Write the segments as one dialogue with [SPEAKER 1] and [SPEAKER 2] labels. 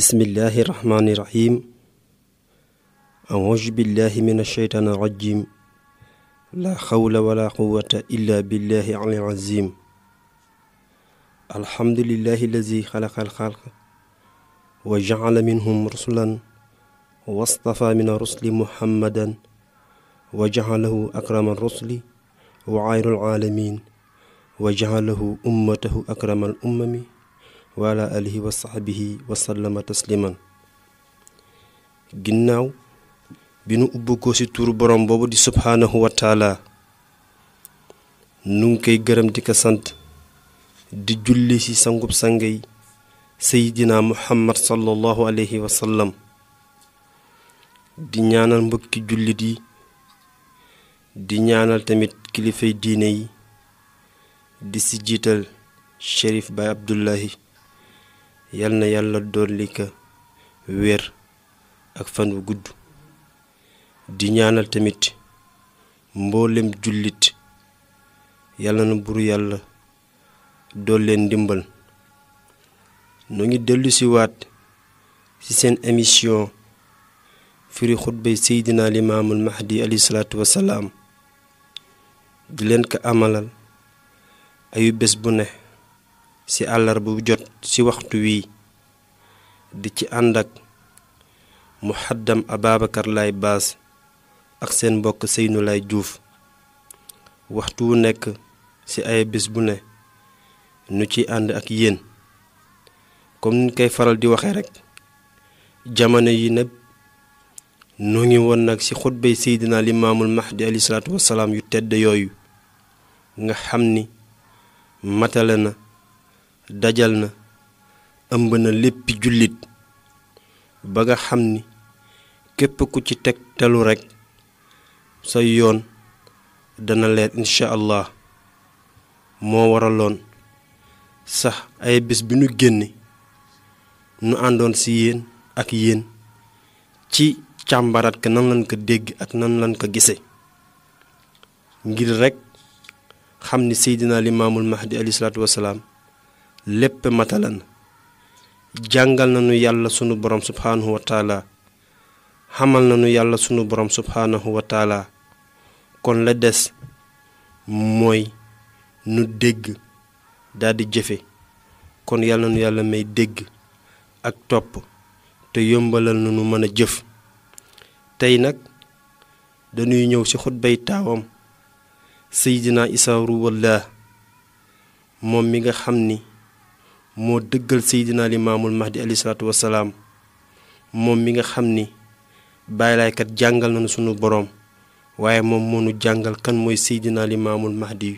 [SPEAKER 1] بسم الله الرحمن الرحيم أعوذ بالله من الشيطان الرجيم لا حول ولا قوة إلا بالله العلي العظيم الحمد لله الذي خلق الخلق وجعل منهم رسلا واصطفى من الرسل محمدا وجعله أكرم الرسل وعير العالمين وجعله أمته أكرم الأمم wala alihi wa saxbihi wasallama tasliman ginnaaw bi nu ubbi ko ci turu borom boobu di subhaanahu wa taala nu ngi koy gërëm di ko sant di julli ci sangub sangay seydina muhammad sallallahu alayhi wa sallam di ñaanal mbokki jullit yi di ñaanal tamit kilifay diine yi di ci jiital Cherif Baye Abdullahi yal na yàlla dolli ko wér ak fan wu gudd di ñaanal tamit mboolem jullit yàlla na buru yàlla dool leen ndimbal nu ngi dellu waat ci seen émission firi xutbay seydina limaamul mahdi alayhi salaatu wasalaam di leen ko amalal ayu bés bu ne ci àllarba bu jot ci waxtu wii di ci ànd ak muxaddam Ababacar Laye Baas ak seen mbokk seynu lay juuf waxtu wu nekk ci ay bés bu ne nu ci ànd ak yéen comme niñ koy faral di waxee rekk jamono yi nag noo ngi woon nag ci xutbay Seydina Limaamul Mahdi alayhi salaatu wasalaam yu tedd yooyu nga xam ni matale na dajal na ëmb na lépp jullit ba nga xam ni képp ku ci teg telu rekk sa yoon dana leer incha allah moo waraloon sax ay bés bi nu génne nu àndoon ci yéen ak yéen ci càmbaraat ka nan lañ ko dégg ak nan lañ ko gisee ngir rekk xam ni seydinaa limaamul mahdi alayhi salaatu wasalaam lépp matalan jàngal nañu yàlla sunu borom subhaanahu wa taala xamal nañu yàlla sunu borom subhaanahu wa kon la des mooy nu dégg daldi jëfe kon yàlla nu yàlla may dégg ak topp te yombalal na nu mën a jëf tey nag danuy ñëw ci xutbay taawam seydina isaa ruwallah moom mi nga xam ni moo dëggal seydina limaamul mahdi alayhi salaatu wasalaam moom mi nga xam ni bàyyilaaykat jàngal nañu sunu boroom waaye moom moo jàngal kan mooy seydina limaamul mahdi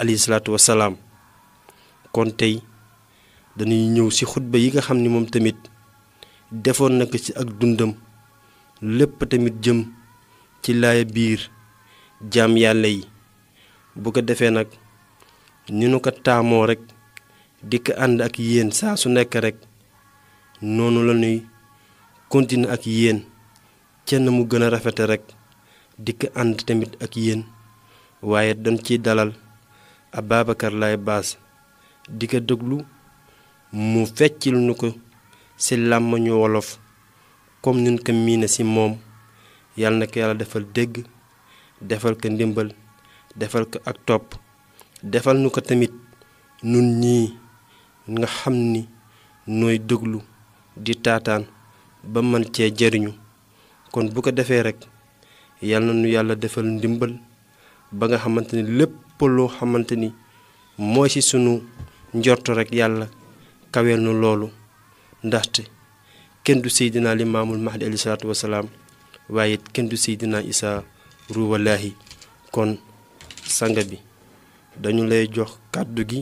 [SPEAKER 1] alayhi salaatu wasalaam kon tey dañuy ñëw ci xutba yi nga xam ni moom tamit defoon na ko ci ak dundam lépp tamit jëm ci laaya biir jaam yàlla yi bu ko defee nag ni nu ko taamoo rekk dikk ànd ak yéen saa su nekk rek noonu la nuy continuer ak yéen kenn mu gën a rafete rek dikk ànd tamit ak yéen waaye dañ ci dalal Ababacar Laye Basse di ko déglu mu feccil nu ko ci làmmañu wolof comme nun ko miine ci moom yal na ko yàlla defal dégg defal ko ndimbal defal ko ak topp defal nu ko tamit nun ñii nga xam ni nooy déglu di taataan ba mën cee jariñu kon bu ko defee rek yàlla na nu yàlla defal ndimbal ba nga xamante ni lépp loo xamante ni mooy ci sunu njort rekk yàlla kaweel nu loolu ndaxte kenn du seydinaa limaamul mahdi alayhi salaatu wasalaam waaye kenn du seydinaa isaa ruwalaahi kon sanga bi dañu lay jox kàddu gi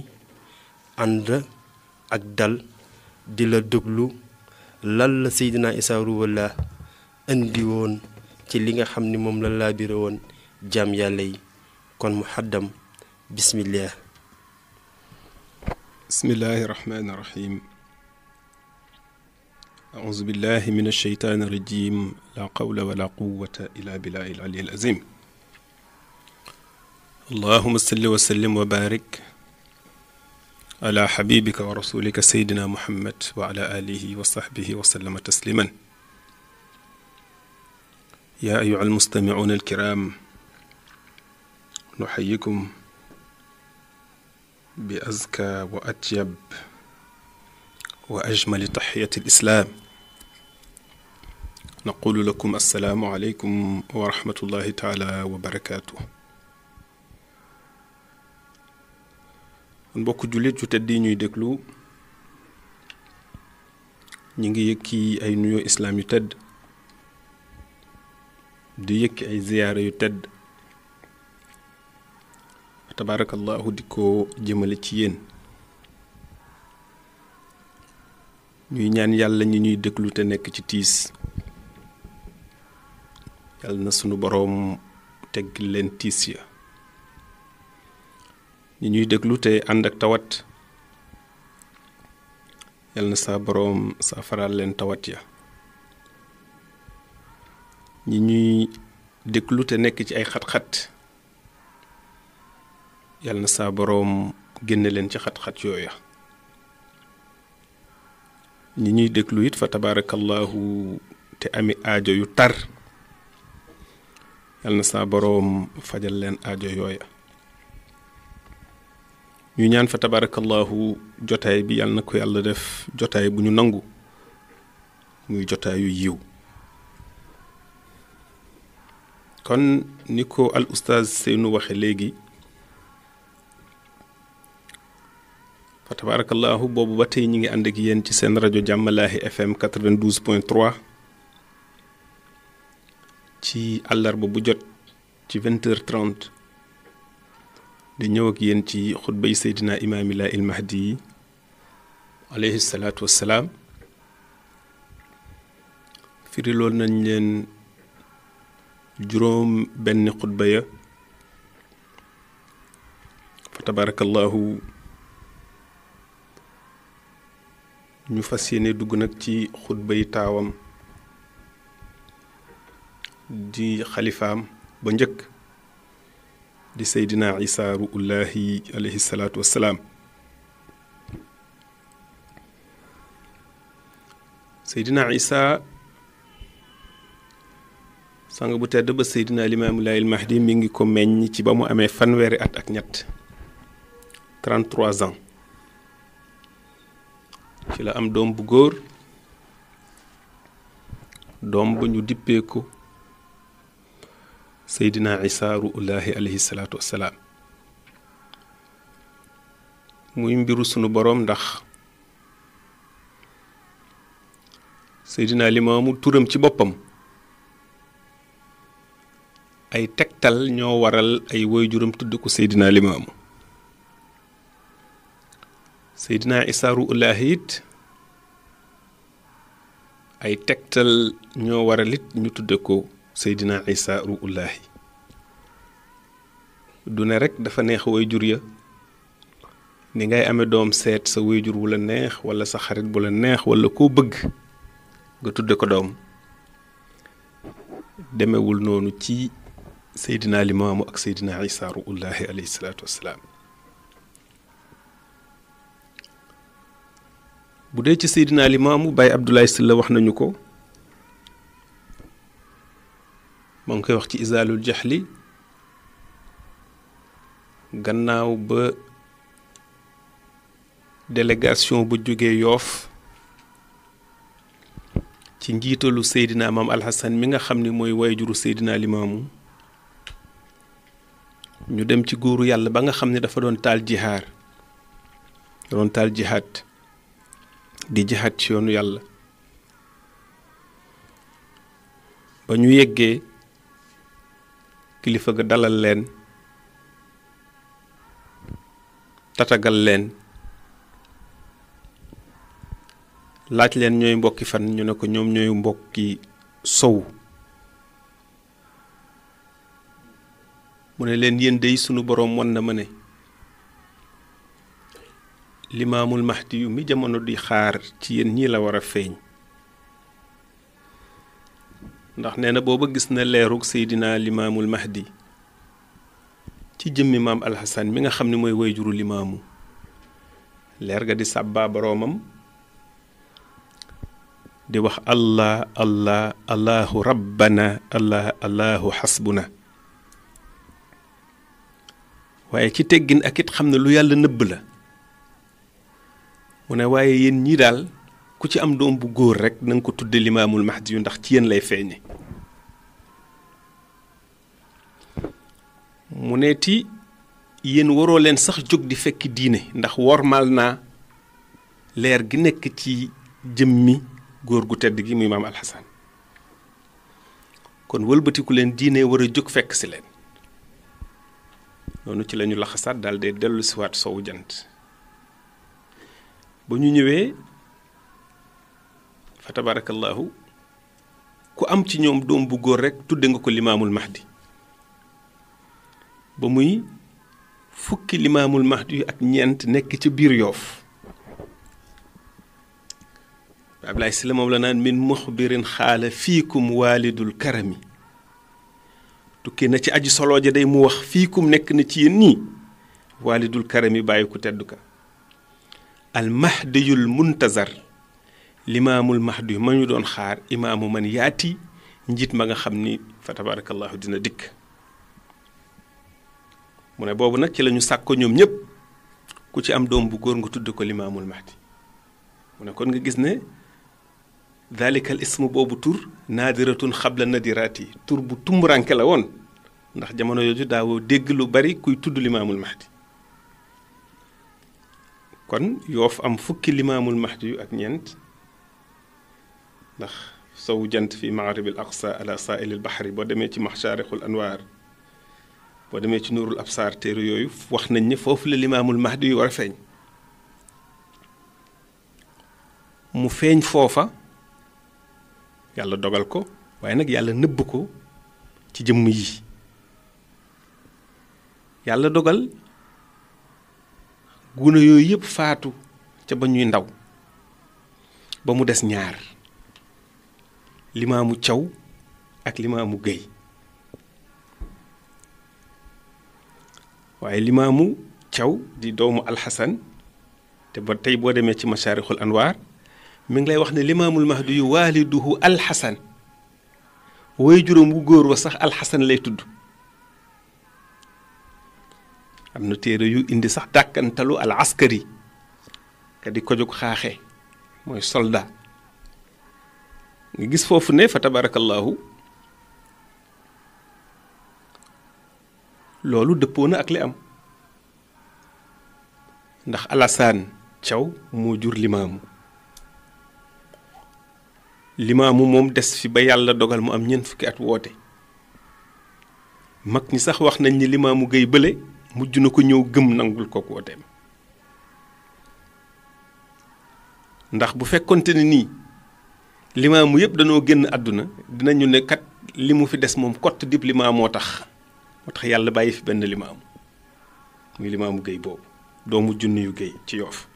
[SPEAKER 1] ànd ak dal di la déglu lan la sayidina isa Rouhou Lahi indi woon ci li nga xam ni moom la laabire woon jaam yàlla yi kon mu xaddam bismillah bismillahi rahmaani rahim
[SPEAKER 2] أعوذ بالله من الشيطان الرجيم لا قول ولا قوة إلا بالله العلي العظيم اللهم صل وسلم وبارك على حبيبك ورسولك سيدنا محمد وعلى آله وصحبه وسلم تسليما يا أيها المستمعون الكرام نحييكم بأزكى وأطيب وأجمل تحية الإسلام نقول لكم السلام عليكم ورحمة الله تعالى وبركاته mbokk jullit yu tedd yi ñuy déglu ñu ngi yëkki ay nuyoo islaam yu tedd di yëkki ay ziyaara yu tedd tabaarakallaahu di ko jëmale ci yéen ñuy ñaan yàlla ñi ñuy déglu te nekk ci tiis yàlla na sunu boroom tegg leen tiis ya ñi ñuy déglu te ànd ak tawat yal na saa boroom faral leen tawat ya ñi ñuy déglu te nekk ci ay xat-xat yal na saa boroom génne leen ci xat-xat yooya ñi ñuy déglu it fa tabaarakallaahu te ami aajo yu tar yal na saa boroom fajal leen aajo yooya ñu ñaan fa tabarakallahu jotaay bi yàlla na ko yàlla def jotaay bu ñu nangu muy jotaayu yiw kon ni ko al oustaz Seynou waxe léegi fa tabarakallahu boobu ba tey ñi ngi ànd ak yéen ci seen rajo Jàmmalaahi FM 92.3 ci àllarba bu jot ci 20 h di ñëw ak yéen ci xutbay seydina imaamilaa il mahdi alayhi aleyhi salaatu wassalaam firiloon nañ leen juróom benn xutba ya fa tabarakallahu ñu fas yéene dugg nag ci xutbay taawam di xalifaam ba njëkk di sayidina isa ruullahi alayhi salatu wassalam. sayidina isa sang bu tedd ba seydina limaamu laayil mahdi mi ngi ko meññ ci ba mu at ak ñett 33 ans ci la am dom bu góor dom bu ñu dippé ko seydinaa isa ruullaahi alayhi salaatu wassalaam muy mbiru sunu borom ndax seydina limaamu turam ci boppam ay tegtal ñoo waral ay waajuram tudd ko seydina limaamu seydina isa ruullaahi it ay tegtal ñoo waral it ñu tudd ko seydinaa isa ruullaahi du ne rekk dafa neex wayjur ya ni ngay ame doom seet sa wayjur wu la neex walla sa xarit bu la neex walla koo bëgg nga tudde ko doom demewul noonu ci seydina limaamu ak seydina isa ruullaahi alayhi salaatu wassalaam bu dee ci seydina limaamu Baye Abdoulaye Sylla wax nañu ko moo ngi koy wax ci isaalul jaxli gannaaw ba délégation bu jóge yoof ci njiitalu Seydina Maam Alxasan mi nga xam ni mooy juru seydinaa Seydina Limaamu ñu dem ci góoru yàlla ba nga xam ne dafa doon taal jihaar doon taal jihaad di jihaad ci yoonu yàlla ba ñu yeggee kilifa ga dalal leen tatagal leen laaj leen ñooy mbokki fan ñu ne ko ñoom ñooy mbokki sow mu ne leen yéen dey sunu boroom won na ma ne limaamul mahdi yu mi jamono di xaar ci yéen ñii la war a feeñ ndax neena na booba gis na leerug seydina limaamul mahdi ci jëmmi maam alxasan mi nga xam ne mooy wayjuru limaamu leer ga di sàbba boroomam di wax allah allah allahu rabbana allah allahu xasbuna waaye ci teggin ak it xam ne lu yàlla nëbb la mu ne waaye yéen ñi daal ku ci am doom bu góor rek na nga ko tudde limaamul mahdi yu ndax ci yéen lay feeñe mu neeti yéen waroo leen sax jóg di fekki diine ndax wormal naa leer gi nekk ci jëmmi góor gu tedd gi muy maam alxasan kon wëlbatiku leen diine war a jóg fekk si leen noonu ci lañu laxasaat daal dee dellu siwaat jant ba ñu ñëwee fa tabaarakallaahu ku am ci ñoom doom bu góor rekk tudde nga ko limaamul mahdi ba muy fukki limaamul mahdi ak ñeent nekk ci biir yoof ablaye sila moom la naan min muxbirin xaala fiikum waalidul karami tukki na ci aji solo ja day mu wax fiikum nekk na ci yéen nii karami bàyyi ku al mahdiyul muntazar limamul mahdi ma ñu doon xaar imaamu man yaati njiit ma nga xam fa tabarakallahu dina dikk mu ne boobu nag ci la ñu sàkko ñoom ñëpp ku ci am doom bu góor nga tudd ko limaamul mahdi mu ne kon nga gis ne dalika al ismu boobu tur naadiratun xabla nadiraati tur bu tumuranke la woon ndax jamono yooju daawoo dégg lu bari kuy tudd limaamul mahdi kon yoof am fukki limaamul mahdi yu ak ñeent ndax sow jant fi maaribil aqsa ala saailil bahri boo demee ci maxsaarixul anwaar boo demee ci nuurul absaar téere yooyu wax nañ ne foofu la limaamul mahdi yu war a feeñ mu feeñ foofa yàlla dogal ko waaye nag yàlla nëbb ko ci jëmm yi yàlla dogal gune yooyu yëpp faatu ca ba ñuy ndaw ba mu des ñaar limaamu caw ak limaamu géy waaye limaamu Thiaw di doomu alxasan te ba tey boo demee ci masaarixul anwar mi ngi lay wax ne limaamul mahdi yu waaliduhu alxasan woy juróom wu góor wa sax alxasan lay tudd am na téere yu indi sax dàkkantalu al askari ka di ko jóg xaaxe mooy soldat nga gis foofu ne fa tabarakallahu loolu dëppoo na ak li am ndax Alassane Thiaw moo jur limaamu limaamu moom des fi ba yàlla dogal mu am ñeent fukki at woote mag ñi sax wax nañ ni limaamu gay bële mujj na ko ñëw gëm nangul ko wooteem ndax bu fekkonte ni nii limaamu yëpp danoo génn àdduna dinañu ne kat li mu fi des moom kott dib limaa moo tax moo tax yàlla bàyyi fi benn limaam muy limaamu géy boobu doomu junni yu géy ci yoof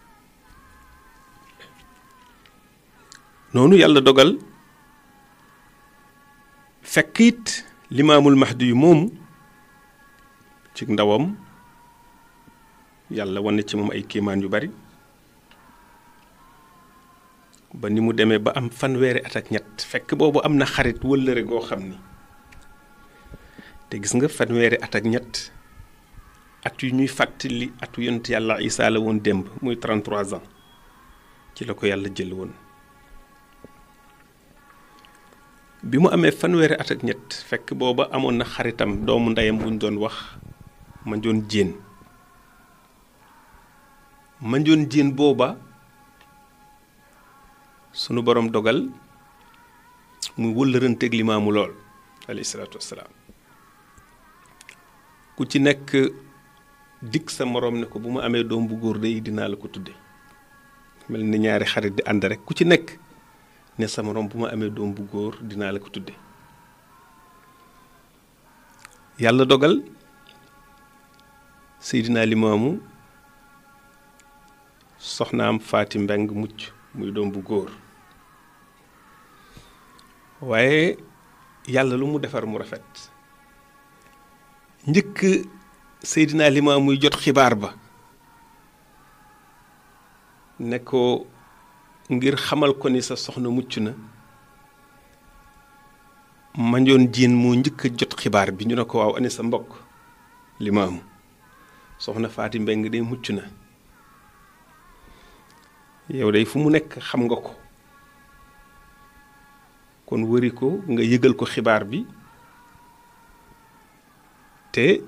[SPEAKER 2] noonu yàlla dogal fekk it limaamul mahdi yu moomu ci ndawam yàlla wane ci moom ay kéemaan yu bari ba ni mu demee ba am fanweeri at ak ñett fekk boobu am na xarit wëllëre goo xam ni te gis nga fanweeri at ak ñett at yu ñuy fàttali atu yonent yàlla Isaa la woon démb muy 33 ans ci la ko yàlla jël woon bi mu amee fanweeri at ak ñett fekk booba amoon na xaritam doomu ndeyam bu ñu doon wax Mandione Diène Mandione Diène booba sunu boroom dogal muy wëllëranteeg limaamu lool alayhi salaatu wassalaam ku ci nekk dikk sa moroom ne ko bu ma amee doom bu góor day dinaa la ko tudde mel ni ñaari xarit di ànd rek ku ci nekk ne sa moroom bu ma amee doom bu góor dinaa la ko tudde yàlla dogal Seydina Limaamu soxnaam Faati Mbeng mucc muy doom bu góor waaye yàlla lu mu defar mu rafet njëkk Seydina Limaamu muy jot xibaar ba ne ko ngir xamal ko ni sa soxna mucc na manjoon jiin moo njëkk jot xibaar bi ñu ne ko waaw ani sa mbokk Limaamu soxna Faati Mbeng de mucc na yow de fu mu nekk xam nga ko kon wëri ko nga yëgal ko xibaar bi te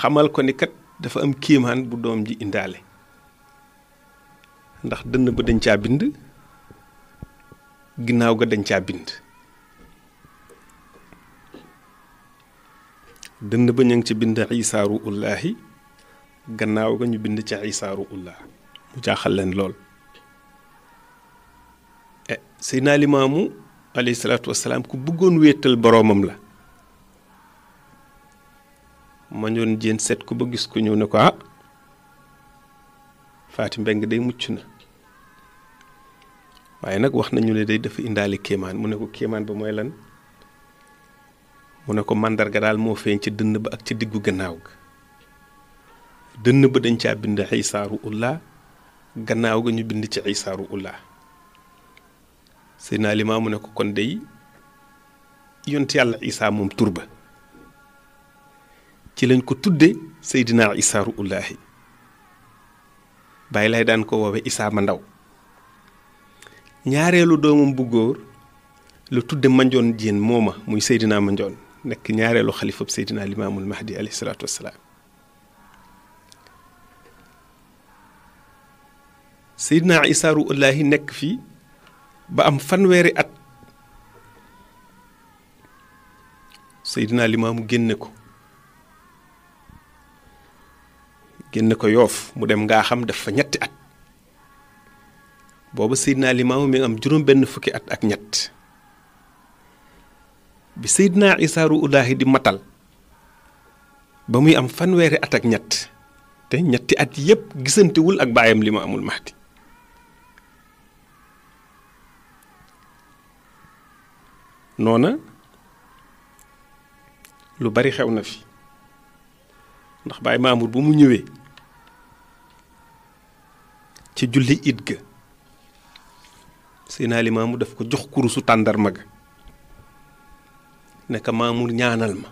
[SPEAKER 2] xamal ko ni kat dafa am kiimaan bu doom ji indaale ndax dënn ba dañ caa bind ginnaaw ga dañ caa bind dënn ba ñu ngi ci bind Isaa ruullaahi gannaaw ga ñu bind ca Isaa ruullah mu jaaxal leen lool eh, Seydina Limaamu alayhi salaatu wasalaam ku bëggoon wéetal boroomam la ma ñoon seet ku ba gis ko ñëw ne ko ah Faati Mbeng day mucc na waaye nag wax nañu ne day dafa indaale kéemaan mu ne ko kéemaan ba mooy lan mu ne ko màndarga daal moo feeñ ci dënn ba ak ci diggu gannaaw ga dënn ba dañ caa bind xisaaru ulla gannaaw ga ñu bind ci xisaaru ulla sëy naa limaa mu ne ko kon day yont yàlla isaa moom tur ci lañ ko tudde sayidina isa ruullahi bàyyi lay daan ko wowe isa ma ndaw ñaarelu doomam bu góor lu tudde manjon jéen moma muy sayidina manjon nek ñaarelu khalifa sayidina imam al mahdi alayhi salatu wassalam sayidina isa ruullahi nekk fii ba am fanweeri at seydina limaamu génne ko génn ko yoof mu dem ngaa xam def fa ñetti at boobu Seydina Limaamu mi am juróom benn fukki at ak ñett bi Seydina Isaa Ruuhulaahi di matal ba muy am fanweeri at ak ñett te ñetti at yépp gisantewul ak baayam Limaamul Mahdi noona lu bari xew na fi ndax Baay Maamur bu mu ñëwee ci julli it ga Seydina Limaamu daf ko jox kurusu tàndarma ga ne ko Maamur ñaanal ma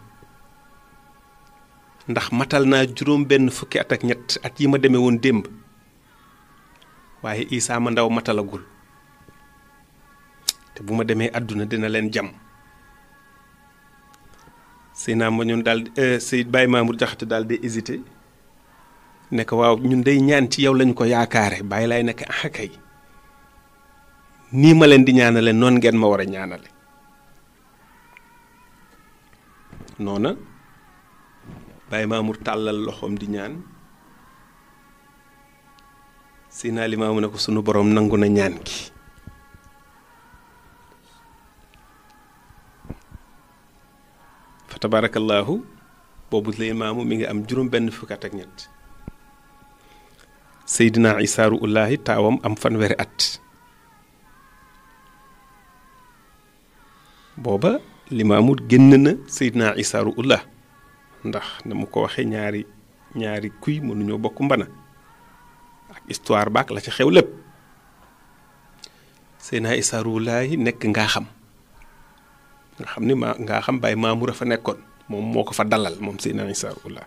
[SPEAKER 2] ndax matal naa juróom benn fukki at ak ñett at yi ma demee woon démb waaye Isaa ma ndaw matalagul te bu ma demee àdduna dina leen jàmm Seydina ma ñun daal eh, Seyd Baye Maamur Jaxate daal di hésité ne waaw ñun day ñaan ci yow lañ ko yaakaare bàyyi laay nekk ah kay nii ma leen di ñaanale noon ngeen ma war a ñaanale noona bàyyi Maamur tàllal loxoom di ñaan Seydina Limaamu ne ko sunu boroom nangu na ñaan gi fa tabaarakallaahu boobu Limaamu mu ngi am juróom benn fukkat ak ñett Seydina Issa Ruullaahi taawam am fanweeri at booba limaamu génn na Seydina Issa Ruullah ndax na mu ko waxee ñaari ñaari kuy mënuñoo bokk mbana ak histoire baak la ci xew lépp Seydina Issa Ruullaahi nekk ngaa xam nga xam ni maa ngaa xam baay maamu a fa nekkoon moom moo ko fa dalal moom Seydina Issa Ruullah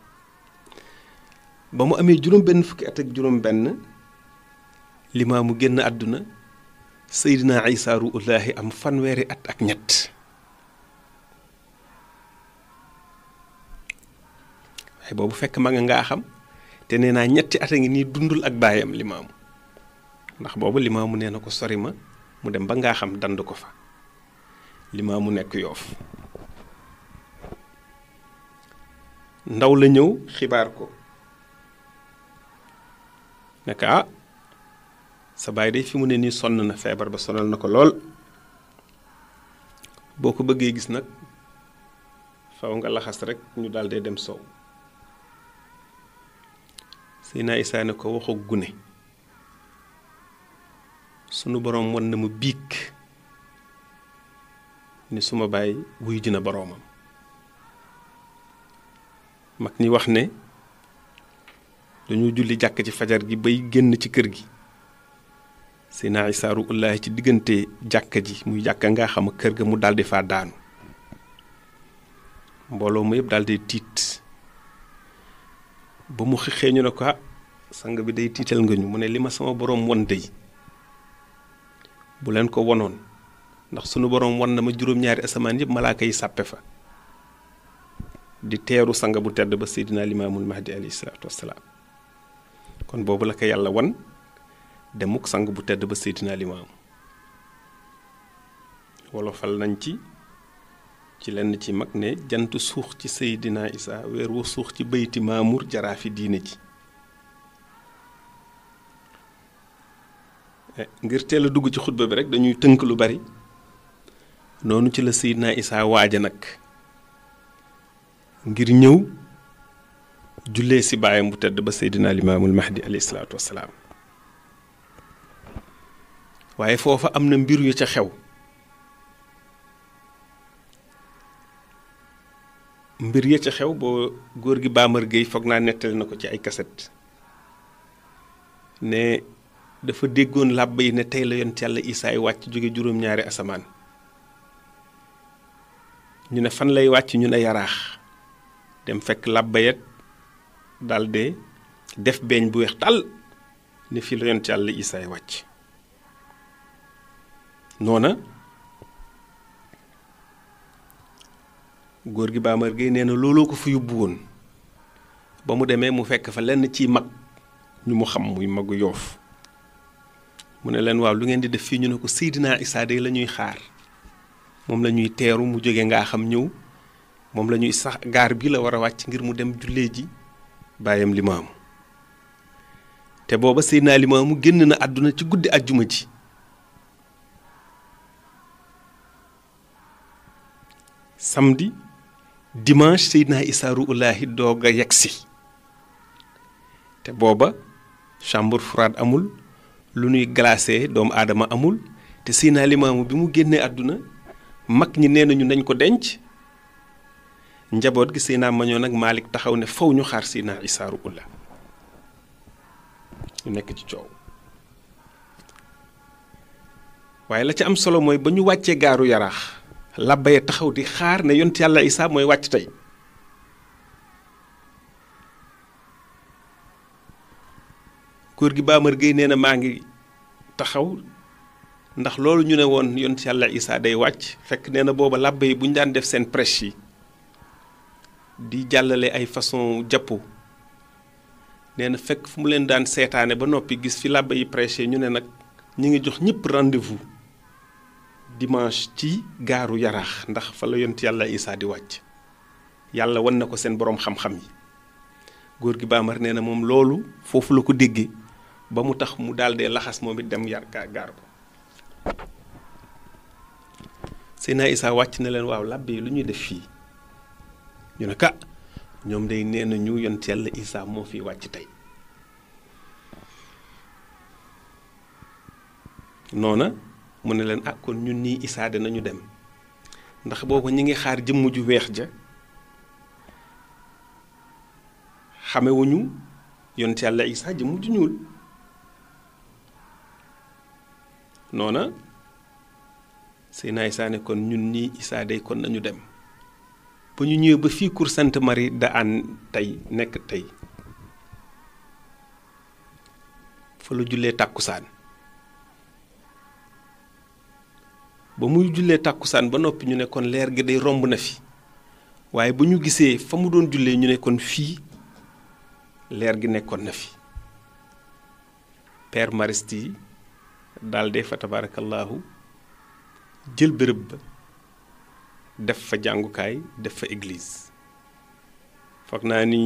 [SPEAKER 2] ba mu amee juróom benn fukki at ak juróom benn limaamu génn àdduna seydina isa ruullaahi am fanweeri at ak ñett waaye boobu fekk ma nga ngaa xam te nee naa ñetti at a ngi nii dundul ak baayam limaamu ndax boobu limaamu nee na ko sori ma mu dem ba ngaa xam dand ko fa limaamu nekk yoof ndaw la ñëw xibaar ko nekk ah sa baay day fi mu ne nii sonn na feebar ba sonal na ko lool boo ko bëggee gis nag faw nga laxas rek ñu daldi dee dem sow Seydina Isaa ne ko waxu gune sunu boroom wan na mu biig ni suma baay wuy dina boroomam mag ñi wax ne dañu julli jàkk ci fajar gi bay génn ci kër gi sinaa Isaa Ruuhullaahi ci diggante jàkk ji muy jàkk nga xam kër ga mu daldi faa daanu mbooloo ma yëpp daldi tiit ba mu xixee ñu ne ko ah, sang bi day tiital nga ñu mu ne li ma sama boroom won dey bu leen ko wonoon ndax sunu boroom wan na ma juróom-ñaari asamaan yëpp malaaka yi sàppe fa di teeru sang bu tedd ba Seydina Limaamul Mahdi alayhi salaatu wassalaam kon boobu la ko yàlla wan demuk sang bu tedd ba Seydina Limaam wolofal nañ ci ci lenn ci mag ne jant suux ci Seydina Isa weer wu suux ci bayti Maamour jaraafi diine ji eh, ngir teela dugg ci xutba bi rek dañuy tënk lu bari noonu ci la Seydina Isa waaja nag ngir ñëw jullee si bàyyam bu tedd ba seydina limaamul mahdi alayhi salaatu wasalaam waaye foofa am na mbir yu ca xew mbir ya ca xew boo góor gi Bamar Gueye foog naa nettali na ko ci ay kaset ne dafa déggoon làbb yi ne tey la yont yàlla Isaa yi wàcc jóge juróom-ñaari asamaan ñu ne fan lay wàcc ñu ne yaraax dem fekk làbbayet dalde def beñ bu wex tal ni fil ren yonent yàlla isaay nona noona góor gi baamar gi nee na ko fu yubbu won ba mu deme mu fekk fa len ci mag ñu mu xam muy magu yof mu ne len waaw lu ngeen di def fi ñu ne ko sayidina isa de la ñuy xaar mom la ñuy teeru mu joge nga xam ñew mom la ñuy sax gar bi la wara wacc ngir mu dem jullee ji bàyyam limaamu te booba Seydina limaamu génn na àdduna ci guddi àjjuma ji samedi dimanche Seydina Issa Ruullaahi doog a te booba chambre froide amul lu nuy glacé doomu aadama amul te Seydina limaamu bi mu génnee àdduna mag ñi nee nañu nañ ko denc njaboot gi Seydina Mañoon ak maalik taxaw ne faw ñu xaar Seydina Issa Ruuhullah ñu nekk ci coow waaye la ci am solo mooy ba ñu wàccee gaaru yaraax làbbaye taxaw di xaar ne yont yàlla Issa mooy wàcc tey góor gi Baamar Gueye nee na maa ngi taxaw ndax loolu ñu ne woon yont yàlla Issa day wàcc fekk nee na booba làbbaye bu ñu daan def seen prêche yi di jàllale ay façon jàppo nee fekk fu mu leen daan seetaane ba noppi gis fi làbba yi prêché ñu ne nag ñu ngi jox ñëpp rendez-vous dimanche ci gaaru yaraax ndax fa la yont yàlla Isaa di wàcc yàlla wan na ko seen boroom xam-xam yi góor gi baamar nee na moom loolu foofu la ko déggee ba mu tax mu daal laxas moom it dem yar gaar ko Seydina Isaa wàcc na leen waaw làbbe yi lu ñuy def fii ñu ne ka ñoom day nee na ñu yont yàlla Isaa moo fi wàcc tey noona mu ne leen ah kon ñun nii Isaa nañu dem ndax boobu ñi ngi xaar jëmm ju weex ja xamewuñu yont yàlla Isaa jëmm ju ñuul noona Seydina Isaa ne kon ñun nii Isaa day kon nañu dem ba ñu ñëwee ba fii cour Sainte Marie da tey nekk tey fa la jullee tàkkusaan ba muy jullee tàkkusaan ba noppi ñu ne kon leer gi day romb na fi waaye ba ñu gisee fa mu doon jullee ñu ne kon fii leer gi nekkoon na fi per Mariste yi daal fa tabaarakallaahu jël bërëb ba def fa jàngukaay def fa église foog naa ni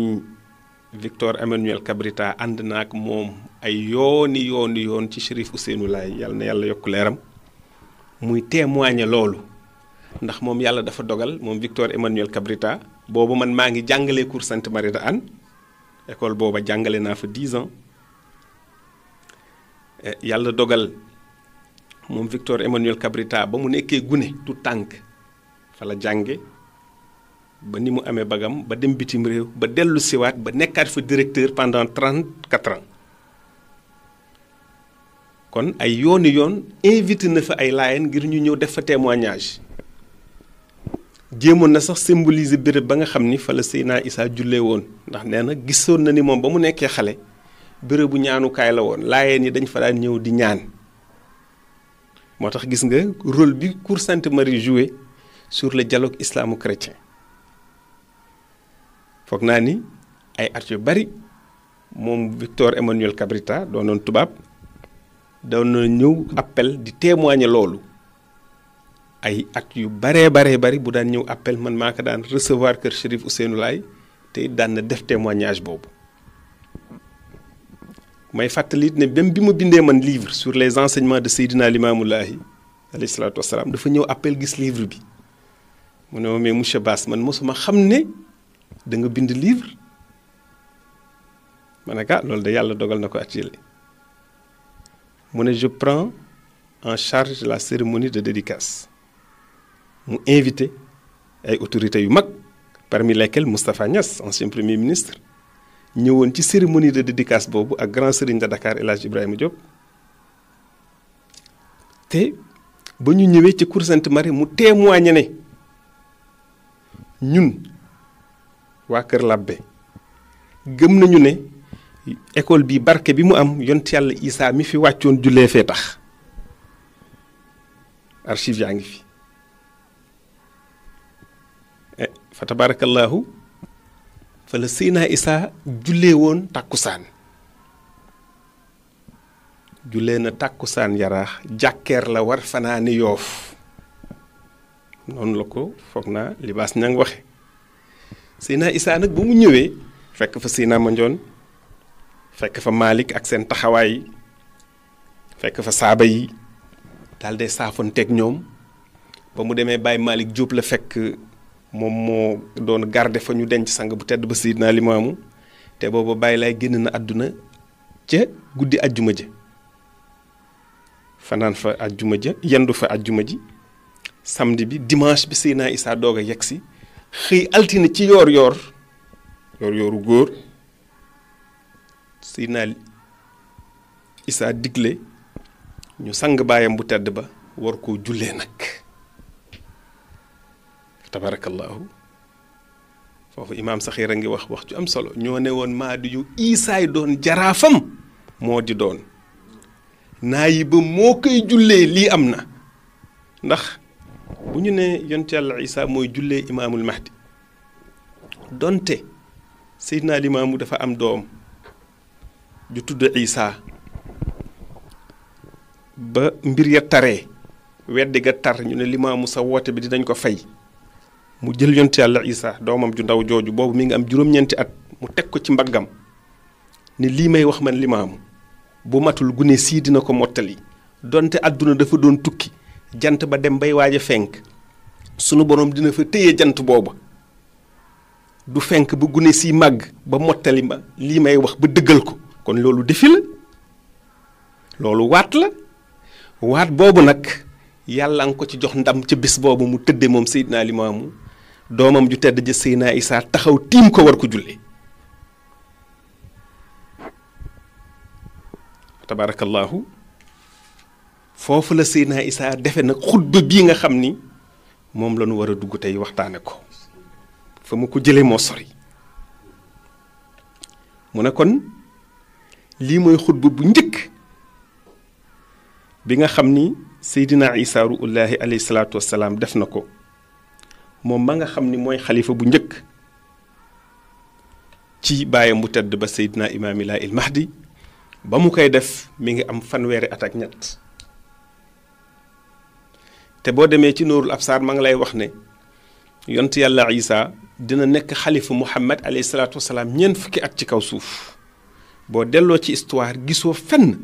[SPEAKER 2] Victor Emmanuel Kabrita ànd na ak moom ay yooni yooni yoon ci Chérif Ousseynou Laye yàlla na yàlla yokk leeram muy témoigner loolu ndax moom yàlla dafa dogal moom Victor Emmanuel Kabrita boobu man maa ngi jàngalee cours Sainte Marie de Anne école booba jàngale naa fa 10 ans eh, yàlla dogal moom Victor Emmanuel Kabrita ba mu nekkee gune tu tànk fa la jànge ba ni mu amee bagam ba dem bitim réew ba dellu siwaat ba nekkaat fa directeur pendant trente quatre ans kon ay yooni yoon invite na ay ngir ñu def fa témoignage jéemoon na sax symboliser béréb ba nga xam fa la Issa jullee woon ndax nee na ni moom ba mu nekkee xale bérébu ñaanukaay la woon yi dañ fa daan di ñaan rôle bi Cour Marie sur le dialogue islamo-chrétien foog nani, ay at yu bari mom Victor Emmanuel Cabrita doonoon tubab doon na ñëw appel di témoigner lolu ay at yu bare bare bari bu daan ñëw appel man maa daan recevoir ker Cherif Ousseynou lay te daan na def témoignage boobu may fatali ne bem bi ma bindee man livre sur les enseignements de al-imam Laye alayhi salaatu wasalaam dafa ñëw appel gis livre bi mu ne ma mais monsieur Bass man mosuma xam ne da nga bind livre ma ne ah loolu de yàlla dogal na ko atile mu je prends en charge la cérémonie de dédicace mu invité ay autorités yu mag parmi lesquelles Moustapha Niass ancien premier ministre ñëwoon ci cérémonie de dédicace boobu ak grand sëriñ de Dakar El Ibrahima Diop te ba ñu ñëwee ci Cour Sainte-Marie mu témoigné ne. ñun waa Kër Labbe gëm nañu ne école bii barke bi mu am yont yàlla Isaa mi fi wàccoon jullee fee tax archive yaa ngi fi eh, fa tabaarakallaahu fa la Seynaa Isaa jullee woon tàkkusaan jullee na tàkkusaan yaraax jàkkeer la war fanaani yoof non la ko foog naa libaas ña waxe Seyna isa nag bu mu ñëwee fekk fa Seyna Mandione fekk fa malik ak seen taxawaay fekk fa saaba yi daal de saafonteeg ñoom ba mu demee bàyyi malik Diop la fekk moom moo doon garde fa ñu denc sang bu tedd ba Seydina Limaamu te booba bàyyi lay génn na àdduna ca guddi ajjuma ja fanaan fa ajjuma ja yendu fa ajjuma ji samedi bi dimanche bi Seydina Issa doog a yegg xëy altine ci yoor yoor yoor yooru góor Seydina Issa digle ñu sang baayam bu tedd ba war koo jullee nag tabarakallahu foofu imaam Saxiir a ngi wax wax ju am solo ñoo ne woon maadi yu Isaay doon jaraafam moo di doon naa yi ba moo koy jullee lii am na ndax bu ñu nee yonent la Isa mooy jullee imaamul Mahdi donte Seydina Limaamu dafa am doom ju tudd Isa ba mbir ya taree weddi ga tar ñu ne Limaamu sa woote bi dinañ ko fay mu jël yonent yàlla Isa doomam ju ndaw jooju boobu mi ngi am juróom-ñeenti at mu teg ko ci mbaggam ni lii may wax man Limaamu bu matul gune sii dina ko mottali donte àdduna dafa doon tukki jant ba dem bay waaj a fenk sunu borom dina fa téye jant booba du fenk ba gune si màgg ba mottali ma lii may wax ba dëggal ko kon loolu defi la loolu waat la waat boobu nag yàlla nga ko ci jox ndam ca bis boobu mu tëdde moom Seydina Limaamu doomam ju tedd ja Seydina Isaa taxaw tiim ko war ko jullee tabaarakallaahu foofu la Seydina Issa defe nag xutba bii nga xam ni moom la ñu war a dugg tey waxtaane ko fa mu ko jëlee moo sori mu ne kon lii mooy xutba bu njëkk bi nga xam ni Seydina Issa ruullaahi alayhi salaatu wasalaam def na ko moom ma nga xam ni mooy xalifa bu njëkk ci baayam bu tedd ba Seydina Imaamilaa il Mahdi ba mu koy def mi ngi am fanweeri at ak ñett te boo demee ci nuurul absaar ma nga lay wax ne yont yàlla isa dina nekk xalifa muhammad alayhi salaatu wasalaam ñeen fukki at ci kaw suuf boo delloo ci histoire gisoo fenn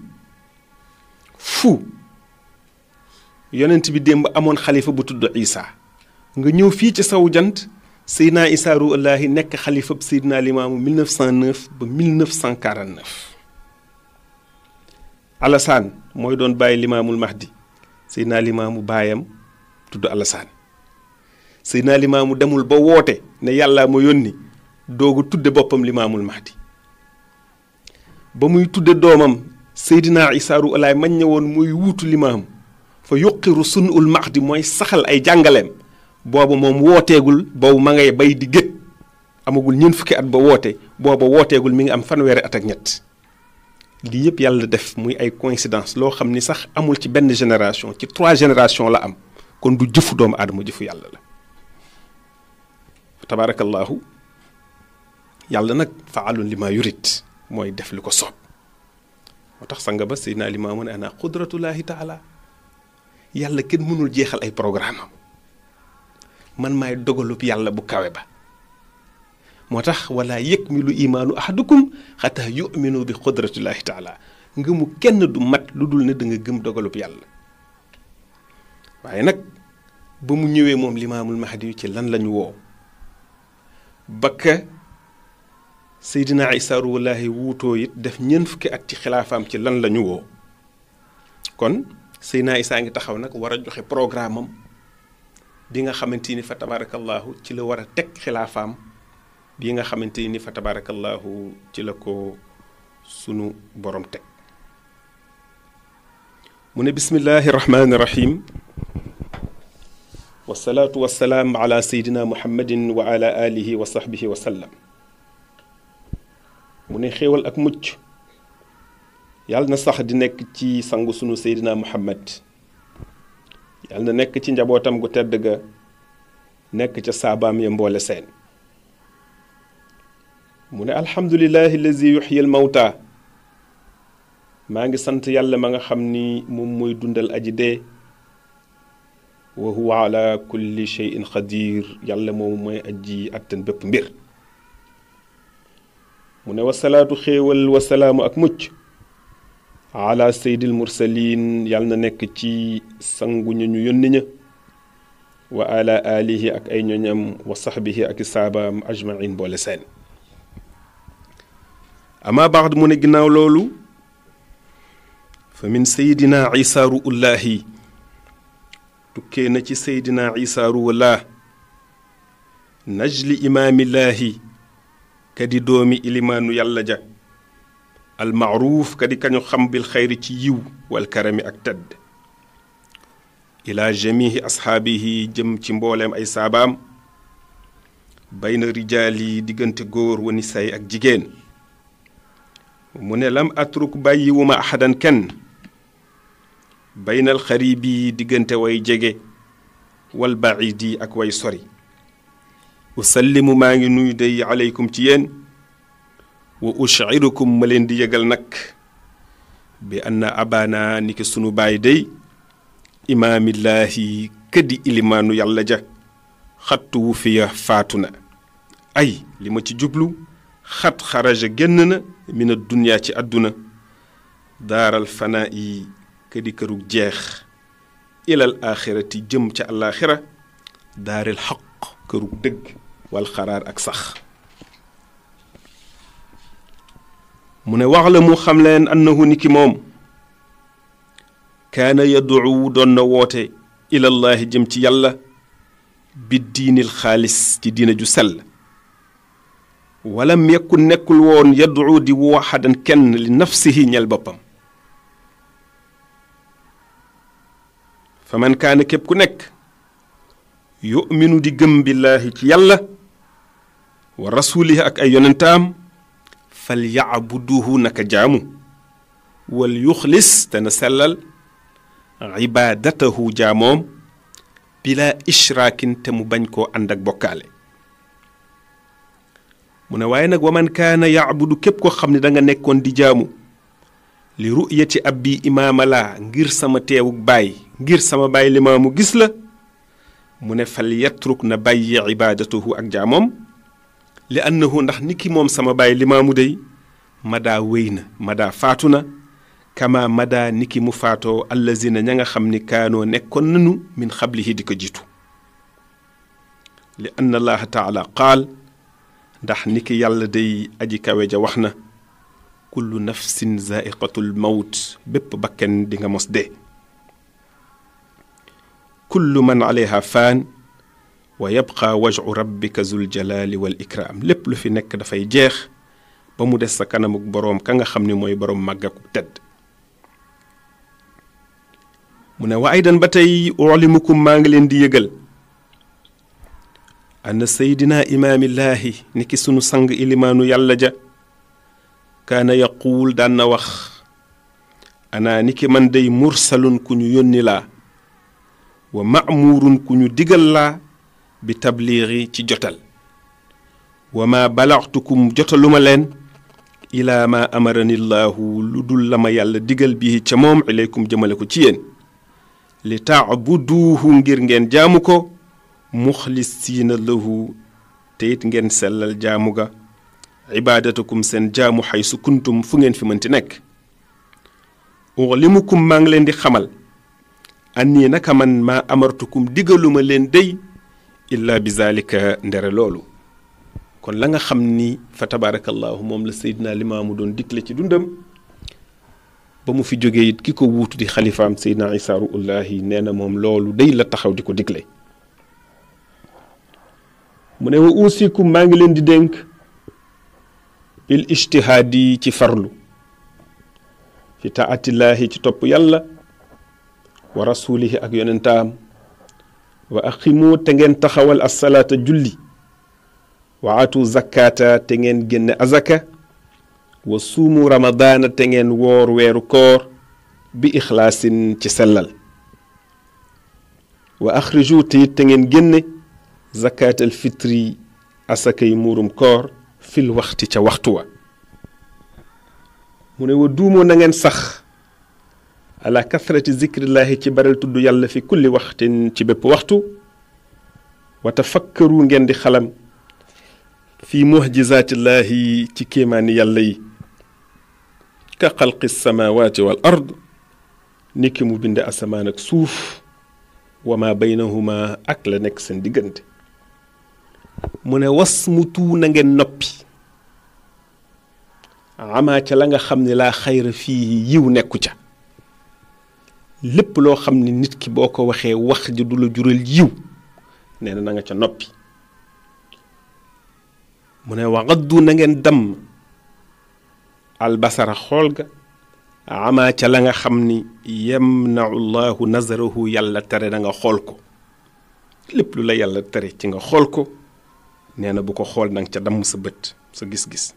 [SPEAKER 2] fu yonent bi démb amoon xalifa bu tudd isa nga ñëw fii ci saw jant seydina isa ru allahi nekk xalifa bu seydina limaamu 1909 ba 1949 alasaan mooy doon bàyyi limaamul mahdi Seydina Limaamu baayam tudd Alassane Seydina Limaamu demul ba woote ne yàlla ma yónni doogu tudd boppam Limaamul di ba muy tudd doomam Seydina Issa Rouhou Laye mañ ne woon muy wuutu limaam fa yuqiru max di mooy saxal ay jàngaleem booba moom wooteegul boobu ma ngay bay di gét amagul ñeent fukki at ba woote booba wooteegul mi ngi am fanweeri at ak ñett li yëpp yàlla def muy ay coïncidence loo xam sax amul ci génération ci trois générations la am kon du jëfu doomu aadama jëfu yàlla la tabaarakallaahu yàlla nag faalun li maa yurit def li ko ba ana taala yàlla kenn mënul jeexal ay programme man bu ba motax wala yakmilu imanu ahadukum hatta yuminu bi qudrati llahi taala ngëmu kenn du mat ludul ne da nga gëm dogalup yàlla waye nak ba mu ñëwé mom limamul mahdi ci lan lañ wo bakka seydina isa ruwallahi wuto yit def ñeen fukki at ci khilafam ci lan lañu wo kon seydina isa ngi taxaw nak wara joxe programme bi nga xamanteni fa tabarakallah ci la wara tek khilafam bi nga xamanteni ni fa tabarakallah ci la ko sunu borom tek mune bismillahir rahmanir rahim wassalatu wasalaam ala sayidina muhammadin wa ala alihi wa sahbihi wa sallam mune xewal ak mucc yàlla na sax di nek ci sangu sunu sayidina muhammad yàlla na nek ci njabotam gu tedd ga nekk ca saabaam ya mboole seen mu ne alhamdulilahi lazi yuxyil mawta maa ngi sant yàlla ma nga xam ni moom mooy dundal aji dee wa huwa ala kulli cheyin xadir yàlla moomu mooy aji attan bépp mbir mu ne wasalaatu xéewal wasalaamu ak mucc ala seydil mursalin yàlla na nekk ci sangu ñu ñu yónni ña wa ala alihi ak ay ñoñam wa saxbihi ak isaabaam ajmain boole seen amma baad mu ne ginnaaw loolu fa min sayidina isa ruullahi tukkee na ci sayidina isa ruullah najli imaamillaahi kadi doomi ilimaanu yàlla ja almaaruuf kadi kañu xam bil xayri ci yiw wal karami ak tedd ila jamihi asxaabihi jëm ci mbooleem ay saabaam bayna rijaal yi diggante góor wa nisaay ak jigéen mu ne lam atruk bàyyiwuma axadan kenn baynal xarib yi diggante way jege wal baidi ak way sori usallimu maa ngi nuyu day aleykum ci yéen wa ushirukum ma leen di yëgal nag bi anna abana niki sunu baay day imaamillaahi këddi ilimaanu yàlla ja xattu wu fiya faatu na ay li ma ci jublu خط خرج جننا من الدنيا تي أدنى دار الفناء كدي كروك جيخ إلى الآخرة جم تي الآخرة دار الحق كروك دق والقرار أكسخ من وعلم خملين أنه نكي موم كان يدعو دون نووتي إلى الله جم تي يلا بالدين الخالص تي دين جسل ولم يكن نكل وون يدعو دي واحدا كن لنفسه نيل بوبام فمن كان كيب كنك يؤمن دي گم بالله تي يالا ورسوله اك اي يونتام فليعبده نك جامو وليخلص تنسلل عبادته جاموم بلا اشراك تمبنكو بنكو عندك بوكالي mu ne waaye nag waman kaana yaabudu képp koo xam ne da nga nekkoon di jaamu li ruyati abbi imaama laa ngir sama teewuk baay ngir sama baay limaamu gis la mu ne fal yatruk na bàyyi ibadatuhu ak jaamoom li annahu ndax niki moom sama baay limaamu day madaa wéy na madaa faatu na kama madaa niki mu faatoo allazina ña nga xam ni kaanoo nekkoon nanu min xablihi di ko jiitu li anna allaha taala qaal ndax ni ki yàlla day aji kawe ja wax na kullu nafsin zaiqatul maut bépp bakken di nga mos de kullu man alayha fan wa yabqa waj'u rabbika zul jalali wal ikram lépp lu fi da fay jeex ba mu dess sa kanamuk borom ka nga xamni moy borom boroom màggaku tedd mune wa aidan batay ulimukum maa di yëgal anna seydina imaamillahi ni ki sunu sang ilimaanu yàlla ja kaana yaquul daan na wax ana ni ki man day mursalun ku ñu yónni laa wa ma'muurun ku ñu digal laa bi tabliixi ci jotal wa ma balaxtukum jotaluma leen ilaa ma amarani llaahu lu dul la ma yàlla digal bii ca moom ilaykum jëmale ko ci yéen li taabuduuhu ngir ngeen jaamu ko muxlisiina lahu te it ngeen sellal jaamu ga ibaadatakum seen jaamu xay su fu ngeen fi mënti nekk uxlimukum maa ngi leen di xamal anni naka man maa amartukum digaluma leen dey illa bi zalika ndere loolu kon la nga xam ni fa tabaarakallaahu moom la seydina limaamu doon digle ci dundam ba mu fi jóge it ki ko wuutu di xalifaam seydina isaa ruullaahi nee na moom loolu day la taxaw di ko digle mu ne wa uusikum maa ngi leen di dénk bil ijtihaad ci farlu fi taatillaahi ci topp yàlla wa rasuulihi ak yonentaam wa aqimu te ngeen taxawal asalaata julli wa atu zakkaata te ngeen génne azaka wa suumu ramadaana te ngeen woor weeru koor bi ixlaasin ci sellal wa axriju te te ngeen génne zakat al fitri asakay muurum koor fil waxti ca waxtu wa mu ne wa duumoo na ngeen sax ala kathrati zikrillahi ci baral tudd yàlla fi kulli waxtin ci bépp waxtu wa tafakkaru ngeen di xalam fi muhjizaatillahi ci kéemaani yàlla yi ka xalqi samawaati wal ard niki mu bind asamaan ak suuf wa ma baynahuma ak la nekk seen diggante mu ne wasmutu na ngeen noppi ama ca la nga xam ne laa xayra fii yiw nekku ca lépp loo xam ne nit ki boo ko waxee wax ji du la jural yiw nee na nga ca noppi mu ne waxaddu na ngeen dam albasara xool ga ama ca la nga xam ni yamnau llahu nazarahu yàlla tere na nga xool ko lépp lu la yàlla tere ci nga xool ko nee na bu ko xool nang ca damm sa bët sa gis-gis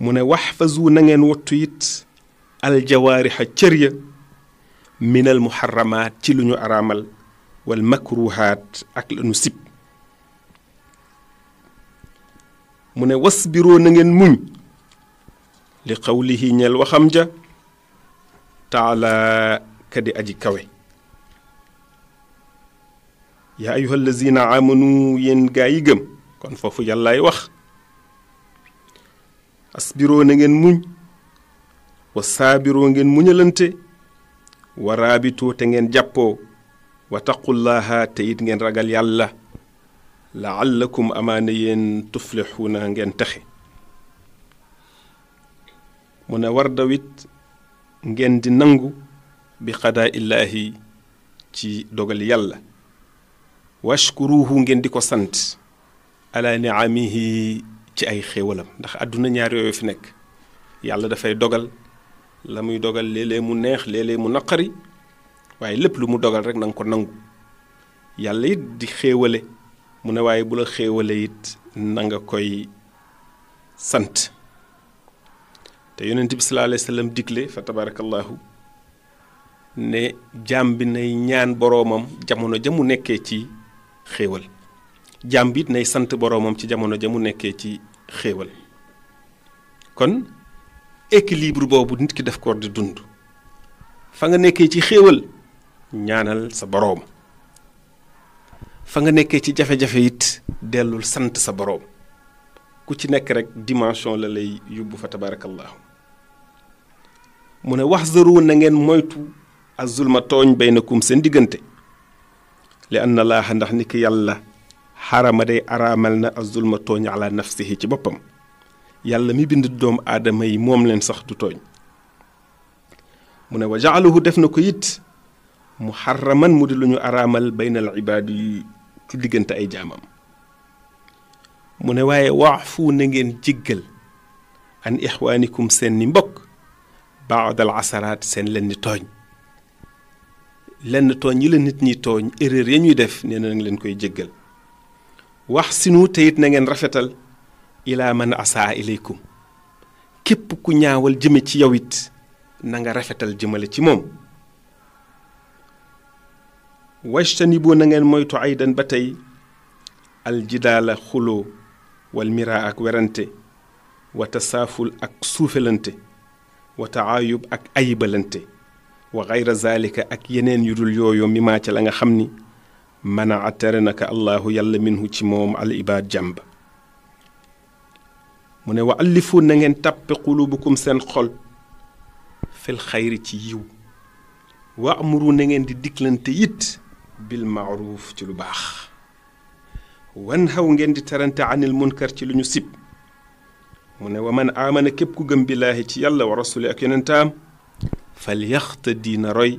[SPEAKER 2] mu ne wax fazu na ngeen wattu it aljawaarixa cër ya minal muharramaat ci lu ñu araamal wal makruhaat ak la nu sib mu ne wasbiroo na ngeen muñ li xawlihi ñeel waxam ja taala kadi aji kawe يا أيها الذين آمنوا ينجايجم كون فوفو يلا يوخ أصبروا نجن مون وصابروا نجن مون يلنتي ورابطوا تنجن جابو وتقول الله تيد نجن رجل يلا لعلكم أمانين تفلحون نجن تخي من ورد ويت نجن دي نانجو بقضاء الله تي دوغل يلا يلا washkuruhu ngeen di ko sant ala niamihi ci ay xéewalam ndax àdduna ñaar yooyu fi nekk yàlla dafay dogal la muy dogal léeg-léeg mu neex léeg-léeg mu naqari waaye lépp lu mu dogal rek na ko nangu yàlla it di xéewale mu ne waaye bu la xéewale it na nga koy sant te yonent bi salaa alayhi sallam digle fa tabarakallahu ne jaam bi nay ñaan boroomam jamono ja nekkee ci xéewal jaam nay sant boroomam ci jamono ja mu nekkee ci xéewal kon équilibre boobu nit ki def ko di dund fa nga nekkee ci xéewal ñaanal sa boroom fa nga nekkee ci jafe-jafe it dellul sant sa boroom ku ci nekk rek dimension la lay yóbbu fa tabaarakallaahu mu ne wax zaru na ngeen moytu azulma tooñ baynakum seen diggante لأن الله ندخ نيك يالا حرام داي ارامل الظلم توغ على نفسه تي بوبم يالا مي بند دوم ادمي موم لين سخ دو توغ من وجعله دفنكو يت محرما مودي لونو ارامل بين العباد تي ديغنت اي جامم من واي وعفو نين جيغل ان اخوانكم سن مبوك بعد العصرات سن لن توغ lenn tooñ yi la nit ñi tooñ erreur ya ñuy def nee na nga leen koy jéggal wax sinu te it na ngeen rafetal ilaa man asaa ilaykum képp ku ñaawal jëme ci yow it nanga rafetal jëmale ci moom wajtanibu na ngeen moytu aydan ba tey aljidaala xuloo wal ak werante wa tasaaful ak suufelante wa taayub ak ayibalante wa xayra zalika ak yeneen yu dul yooyu mima ca la nga xam ni mana tere naka allahu yàlla minhu ci moom al ibaad jàmb mu ne wa allifu na ngeen tàppe xulubukum seen xol fil xayri ci yiw wa amuru na ngeen di diklante it bil maaruf ci lu baax wan xaw ngeen di terante anil munkar ci lu ñu sib mu ne wa man aamana képp ku gëm billaahi ci yàlla wa rasuli ak yonentaam falyaxtadi na roy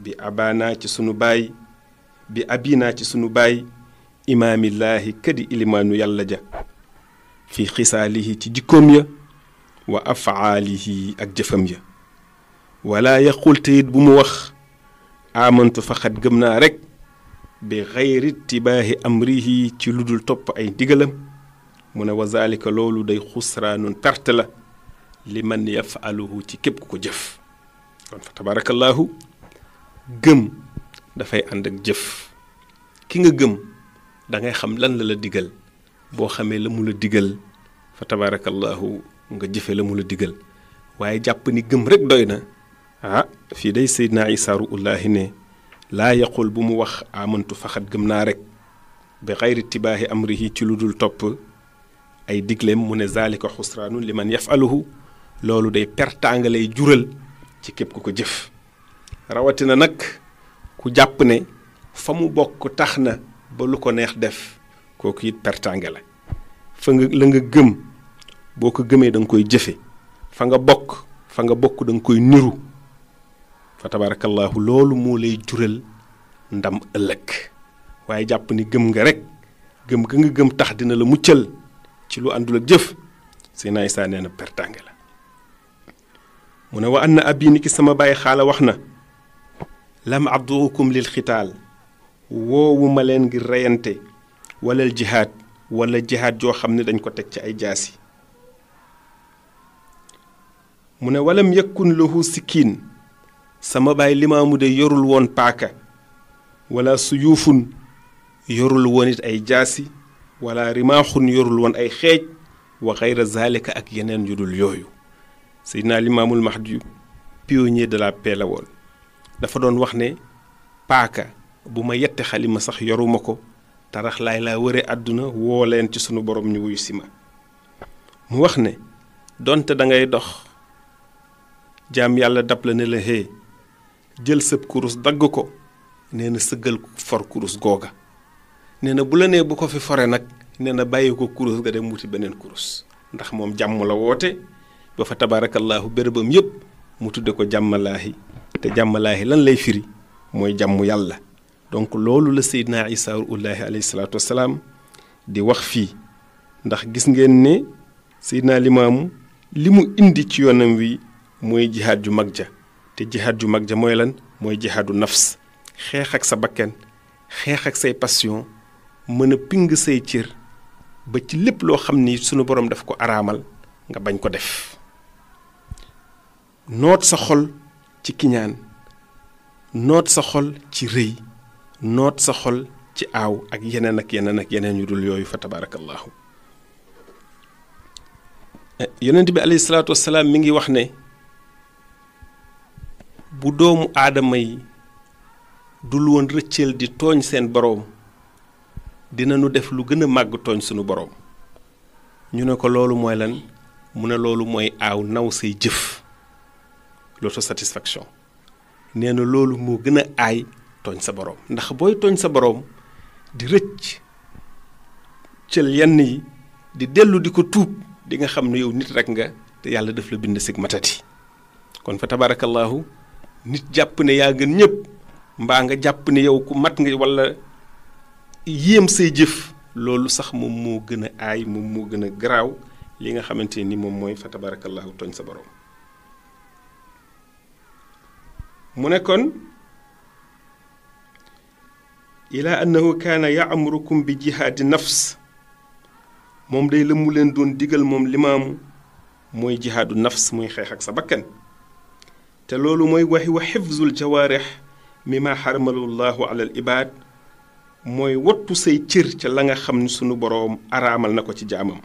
[SPEAKER 2] bi abana ci sunu baay bi abina ci sunu baay imaamillaahi kadi ilimaanu yàlla ja fi xisaalihi ci jikkoom ya wa afaalihi ak jëfam ya wala yaqul te it bu mu wax amantu faxat gëm naa rek bi xayri tibaahi amrihi ci ludul topp ay digalam mu ne wa zalika loolu day xusraanun perte la لمن يفعله تي كيب képp جيف ko jëf kon fa tabarakallahu gëm dafay ànd ak jëf ki nga gëm da لا xam lan la la digal boo xamee la mu nga jëfe la mu la diggal waye jàpp ni gëm rek doyna ah fi day seydna isa ruullahi ne la yaqul bu mu wax amantu fakhat gëm naa rek bi ghayri tibahi amrihi ci lu dul ay diglem mu ne zalika khusranun liman yafaluhu loolu day pertaanga lay jural ci képp ku ko jëf rawatina nag ku jàpp ne fa mu bokk tax na ba lu ko neex def kooku it pertaanga la fa nga la nga gëm boo ko gëmee da nga koy jëfe fa nga bokk fa nga bokk da nga koy niru fa tabaarakallaahu loolu moo lay jural ndam ëllëg waaye jàpp ni gëm nga rek gëm ga nga gëm tax dina la muccal ci lu àndul ak jëf Seydina Isaa nee na pertaange la mu ne wa an abi ni sama bàyyi xaala wax lam abduukum lil khital woowu ma leen ngir reyante wala jihaad wala jihaad joo xam ne dañ ko teg ci ay jaasi mu ne walam yakkun lahu sikkiin sama baay limaamu de yorul woon paaka wala suyuufun yorul woon ay jaasi wala rimaaxun yorul woon ay xeej wa xayra zalika ak yeneen yu dul naa Limaamul Mahdi pionnier de la paix la woon dafa doon wax ne paaka bu ma yette xalima sax yoruma ko tarax laay laa wëre àdduna woo leen ci sunu borom ñu wuyu si ma mu wax ne donte da ngay dox jaam yàlla dab la ne la hee jël sëb kurus dagg ko nee na sëggal for kurus googa nee na bu la nee bu ko fi fore nag nee na bàyyi ko kurus ga dem wuti beneen kurus ndax moom jàmm la woote ba fa tabarakallahu berbam yeb mu tudde ko jammalahi te jammalahi lan lay firi moy jammu yàlla donc lolou le seydina isa ulahi alayhi salatu wassalam di wax fi ndax gis ngeen ne seydina limam limu indi ci yonam wi moy jihad ju magja te jihad ju magja moy lan moy jihadu nafs xex ak sa bakken xex ak say passion meuna ping say cër ba ci lépp lo xamni sunu borom daf ko aramal nga bañ ko def noot sa xol ci kiñaan noot sa xol ci rëy noot sa xol ci aaw ak yeneen ak yeneen yeneen yu dul yooyu fa tabaarakallaahu yonent bi alayhi salaatu wasalaam mi ngi wax ne bu doomu aadama yi dul woon rëccël di tooñ seen boroom dinanu def lu gën a màgg tooñ sunu boroom ñu ne ko loolu mooy lan mu ne loolu mooy aaw naw say jëf l'autosatisfaction nee na loolu moo gën a aay tooñ sa boroom ndax booy tooñ sa boroom di rëcc cël yenn yi di dellu di ko tuub di nga xam ne yow nit rek nga te yàlla def la bind sig matati kon fa tabaarakallaahu nit jàpp ne yaa gën ñëpp mbaa nga jàpp ni yow ku mat nga walla yéem say jëf loolu sax moom moo gën a aay moom moo gën a garaaw li nga xamante ni moom mooy fa tabaarakallaahu tooñ sa boroom mu ne kon ilaa annahu kaana yaamurukum bi jihaadi nafs moom day la mu leen doon digal moom limaamu mooy jihaadu nafs muy xeex ak sa bakkan te loolu mooy waxi wa xifzul jawaarix mi ma xaramalu ala al ibaad mooy wattu say cër ca la nga xam ni sunu boroom araamal na ko ci jaamam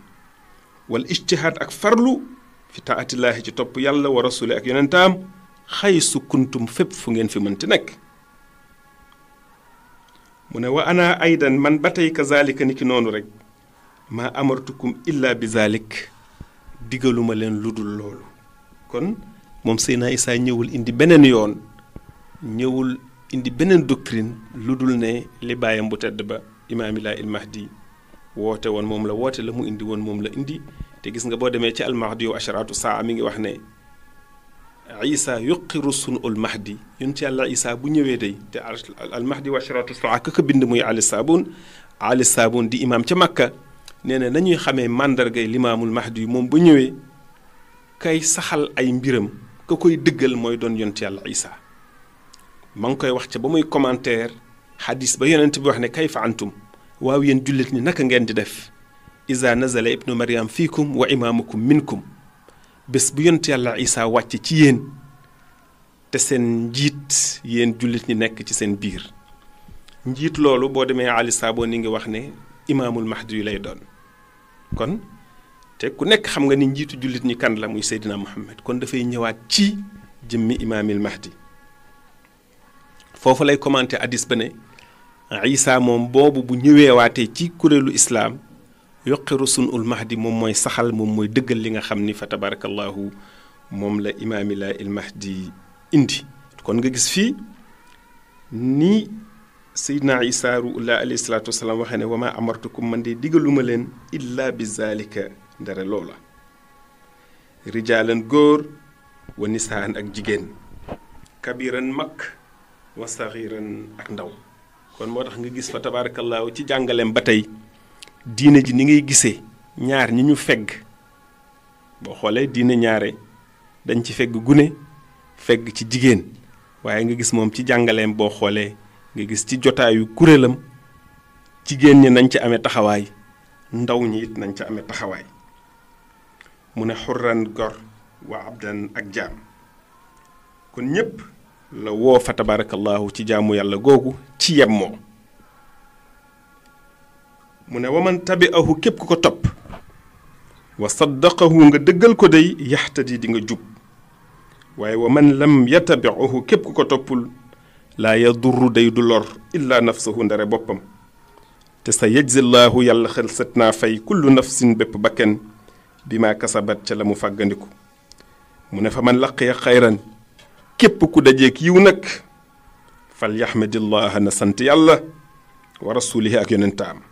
[SPEAKER 2] wal ijtihaad ak farlu fi taatillaahi ci topp yàlla wa rasuli ak yonentaam xay su kuntum fépp fu ngeen fi mënti nekk mu ne wa ana aydan man ba tey kazalika ni ki noonu rek maa amartukum illa bi zalik digaluma leen lu dul loolu kon moom Seydina Isaa ñëwul indi beneen yoon ñëwul indi beneen doctrine lu dul ne li baayam bu tedd ba imaamilaa il mahdi woote woon moom la woote la mu indi woon moom la indi te gis nga boo demee ci almahdi yow asharaatu saa mi ngi wax ne isa yuqiru sunu ul mahdi yonent yàlla isa bu ñëwee day te al mahdi wa shiratu saa ka ko bind muy ali saabun ali saabun di imaam ca makka nee na nañuy xamee màndargay limaamul mahdi moom bu ñëwee kay saxal ay mbiram ka koy dëggal mooy doon yonent yàlla isa ma ngi koy wax ca ba muy commentaire xadis ba yonent bi wax ne kayfa antum waaw yéen jullit ni naka ngeen di def isa nazala ibnu mariam fiikum wa imaamukum minkum bés bu yont yàlla Isaa wàcc ci yéen te seen njiit yéen jullit ñi nekk ci seen biir njiit loolu boo demee Ali Saabo ni ngi wax ne imaamul mahdi yu lay doon kon te ku nekk xam nga ni njiitu jullit ñi kan la muy Seydina Muhammad kon dafay ñëwaat ci jëmmi imaamil mahdi foofu lay commenté addis ba ne Isaa moom boobu bu ñëweewaatee ci kuréelu islaam yuqiru sunul mahdi moom mooy saxal moom mooy dëggal li nga xam ni fa tabarakallahu moom la imaami la il mahdi indi kon nga gis fii ni sayidna isa ruullah alayhi salaatu wasalaam waxee ne wa ma amartukum man de digaluma leen illa bi zalika ndare loola rijaalan góor wa nisaan ak jigéen kabiran mag wa saxiran ak ndaw kon moo tax nga gis fa tabarakallahu ci jàngaleem ba tey diine ji ni ngay gisee ñaar ñi ñu fegg boo xoolee diine ñaare dañ ci fegg gune fegg ci jigéen waaye nga gis moom ci jàngaleem boo xoolee nga gis ci jotaayu kuréelam jigéen ñi nañ ci amee taxawaay ndaw ñi it nañ ci ame taxawaay mu ne xurran gor waa abdan ak jaam kon ñépp la woo fa tabarakallahu ci jaamu yàlla googu ci yem moo من ومن تبعه كيب كوكو توب وصدقه nga deugal ko day yahtadi di nga jub waye wa man lam yatabi'uhu képp ku ko toppul laa yadurru day du lor illa nafsahu ndare boppam te sa yajzillaahu yàlla fay kullu nafsin bep baken bima kasabat ca lamu fagandiku mune fa man laqiya khayran kep ku dajeek yiw nag fal yaxmadillaha na sant yàlla wa rasulih ak yonentam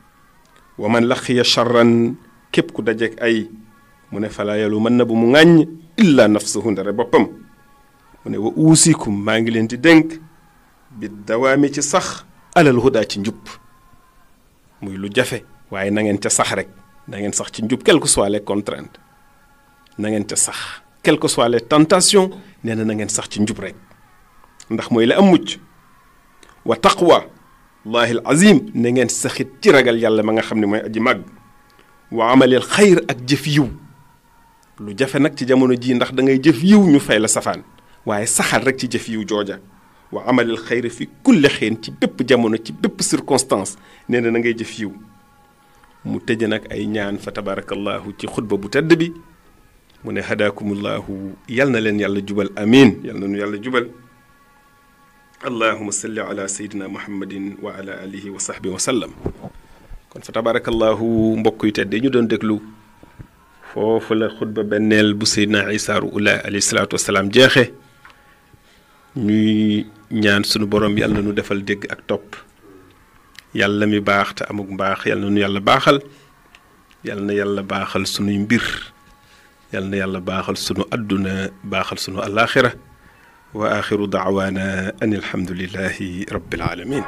[SPEAKER 2] ومن لخي شرا كيب كو داجيك اي من فلا يلو من نبو مغاني الا نفسه ندر بوبم من اوسيكم ماغي لين دي دنك بالدوام تي صخ على الهدى تي نجوب موي لو جافي واي ناغين تي صخ رك ناغين صخ تي نجوب كيلكو سوا لي كونترانت ناغين تي صخ كيلكو سوا لي تانتاسيون نينا ناغين صخ تي نجوب رك ndax moy la am mucc wa taqwa الله العظيم نين سخيت تي يالا ماغا خامني موي ادي ماغ وعمل الخير اك جيف يو لو جافي نك تي جامونو جي نده دا ngay جيف يو ني فاي لا سفان واي سخال رك تي جيف يو جوجا وعمل الخير في كل حين تي بيب جامونو تي بيب سيركونستانس نين نا جيف يو مو تيجي نك اي نيان فتبارك الله تي خطبه بو تدبي من هداكم الله يالنا لين يالا جوبال امين يالنا نو يالا جوبال allahuma salli ala seydina muhammadin wa ala alihi wa sahbi wa sallam kon fa tabarakallahu mbokk yu tedde ñu doon déglu foofu la xutba benneel bu seydina isa ruula alayhi salaatu wasalaam jeexe ñuy ñaan sunu borom yàlla nu defal dégg ak topp yàlla mi baax te amuk mbaax yàlla na nu yàlla baaxal yàlla na yàlla baaxal sunuy mbir yàlla na yàlla baaxal sunu àdduna baaxal sunu alaaxira واخر دعوانا ان الحمد لله رب العالمين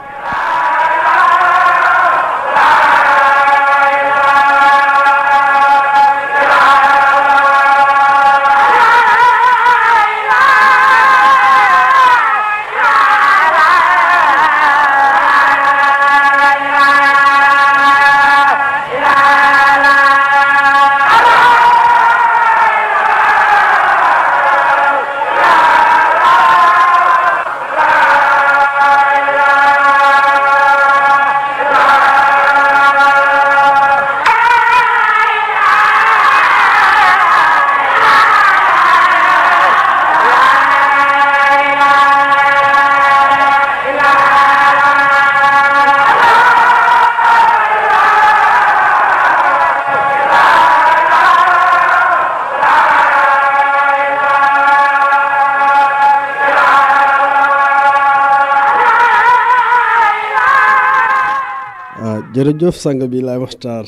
[SPEAKER 1] jërëjëf sàng bi lay waxtaar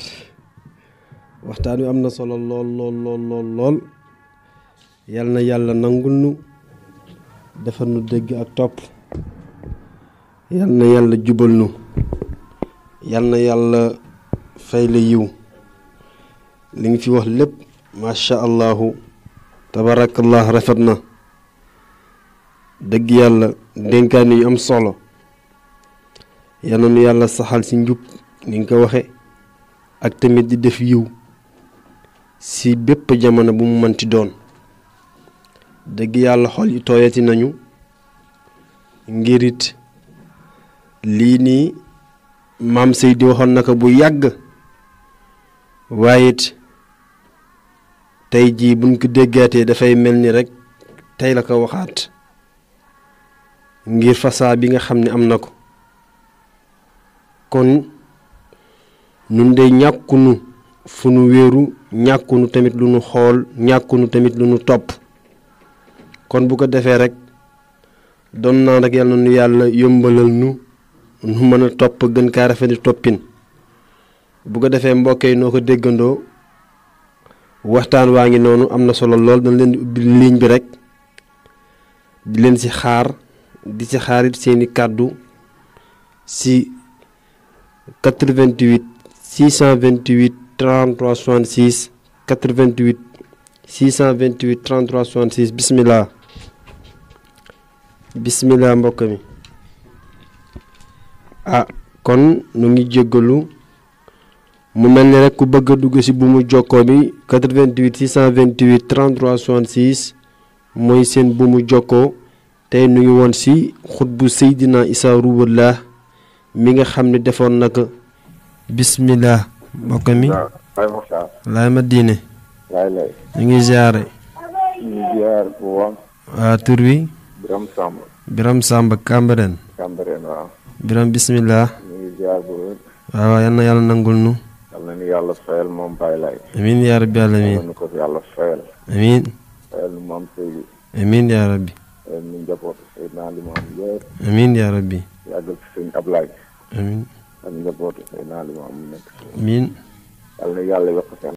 [SPEAKER 1] waxtaan wi am na solo lool lool lool lool yal na yàlla nangul nu defal nu dégg ak topp yal na yàlla jubal nu yal na yàlla fay la yiw li nga fi wax lépp macha allahu tabarakallah rafet na dëgg yàlla dénkaan yu am solo yal na nu yàlla saxal ci njub ni nga ko waxe ak tamit di def yiw ci bépp jamono bu mu mënti doon dëgg yàlla xol yi tooyati nañu ngir it lii nii maam Seydi waxoon na ko bu yàgg waaye tey jii buñ ko déggaatee dafay mel ni rekk tey la ko waxaat ngir fasaa bi nga xam ni am na ko kon nun de ñàkkunu fu nu wéeru ñàkkunu tamit lu nu xool ñàkkunu tamit lu nu topp kon bu ko defee rek doon naa rek yàlla nu yàlla yombalal nu nu mën a topp gën kaa rafeti toppin bu ko defee mbokk yi noo ko déggandoo waxtaan waa ngi noonu am na solo lool dañ leen di ubbi ligne bi rek di leen si xaar di si xaarit seeni kàddu si 88 628 33 66 88 628 33 66 bisimilah bisimilah mbokk mi ah kon nu ngi jéggalu mu mel ni rek ku bëgg a dugg ci bu mu jokkoo bi 88 628 33 66 mooy seen bu mu jokkoo tey nu ngi woon ci xutbu Seydina Issa Rouhou mi nga xam ne defoon naka bismillah mbokk mi laay ma diine ñu ngi ziare tur wi biram samba biram samb kambaren biram bismillah waaw yal na yàlla nangul nu yalla ni yalla fayal mom bay amin ya rabbi alamin ko yalla fayal amin fayal mom amin ya rabbi amin njaboot sëy li amin ya rabbi amin ak njabootu Seydina Limaamu nekk. amiin. yal na yàlla yokk seen